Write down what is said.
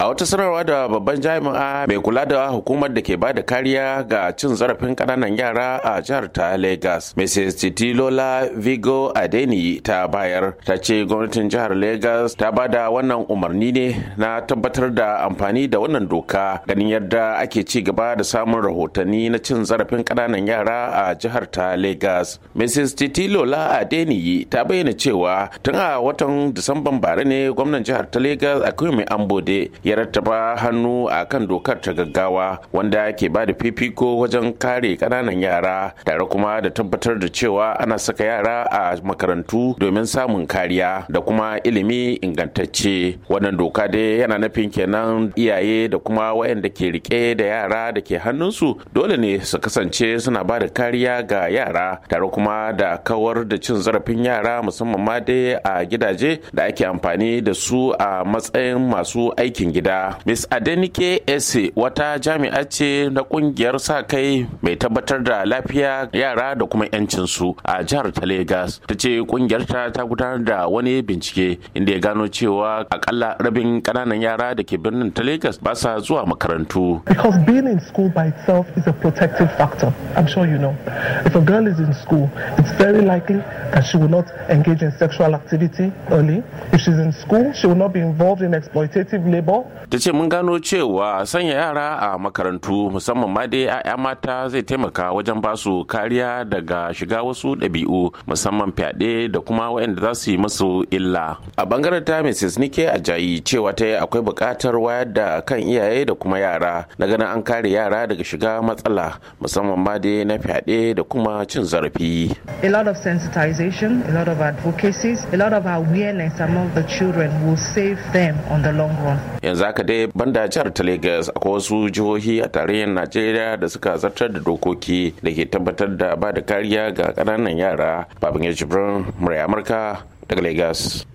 a wata sanarwa da babban jami'a mai kula da hukumar da ke ba da kariya ga cin zarafin kananan yara a jihar ta Legas, mrs titilola vigo adeni ta bayar ta ce gwamnatin jihar Legas ta ba da wannan umarni ne na tabbatar da amfani da wannan doka ganin yadda ake ci gaba da samun rahotanni na cin zarafin kananan yara a jihar ta Legas. mrs titilola adeni ta bayyana cewa tun a watan disamban bara ne gwamnan jihar ta legas akwai mai ambode ya rattaba hannu a kan dokar ta gaggawa wanda ke ba da fifiko wajen kare ƙananan yara tare kuma da tabbatar da cewa ana saka yara a makarantu domin samun kariya da kuma ilimi ingantacce wannan doka dai yana nufin kenan iyaye da kuma wayanda ke rike da yara da ke hannunsu dole ne su kasance suna ba da kariya ga yara tare kuma da kawar da cin zarafin yara musamman ma dai a gidaje da ake amfani da su a matsayin masu aikin gida miss adenike ese wata jami'a ce na kungiyar sa kai mai tabbatar da lafiya yara da kuma 'yancinsu a jihar ta Legas ta ce kungiyar ta ta gudanar da wani bincike inda ya gano cewa akalla rabin kananan yara da ke birnin ta legas ba sa zuwa makarantu because being in school by itself is a protective factor i'm sure you know if a girl is in school it's very likely that she will not engage in sexual activity early if she's in school she will not be involved in exploitative labor ta ce mun gano cewa sanya yara a makarantu musamman ma dai 'ya'ya mata zai taimaka wajen ba su kariya daga shiga wasu ɗabi'u musamman fyaɗe da kuma waɗanda za su yi musu illa a bangaren ta mrs nike ajayi cewa ta akwai buƙatar wayar da kan iyaye da kuma yara na ganin an kare yara daga shiga matsala musamman ma dai na fyaɗe da kuma cin zarafi a lot lot of a lot save them on the long run zaka dai banda jihar ta lagos akwai wasu jihohi a tarayyar najeriya da suka zartar da dokoki da ke tabbatar da ba da kariya ga ƙananan yara babin ya jibrin murai amurka daga lagos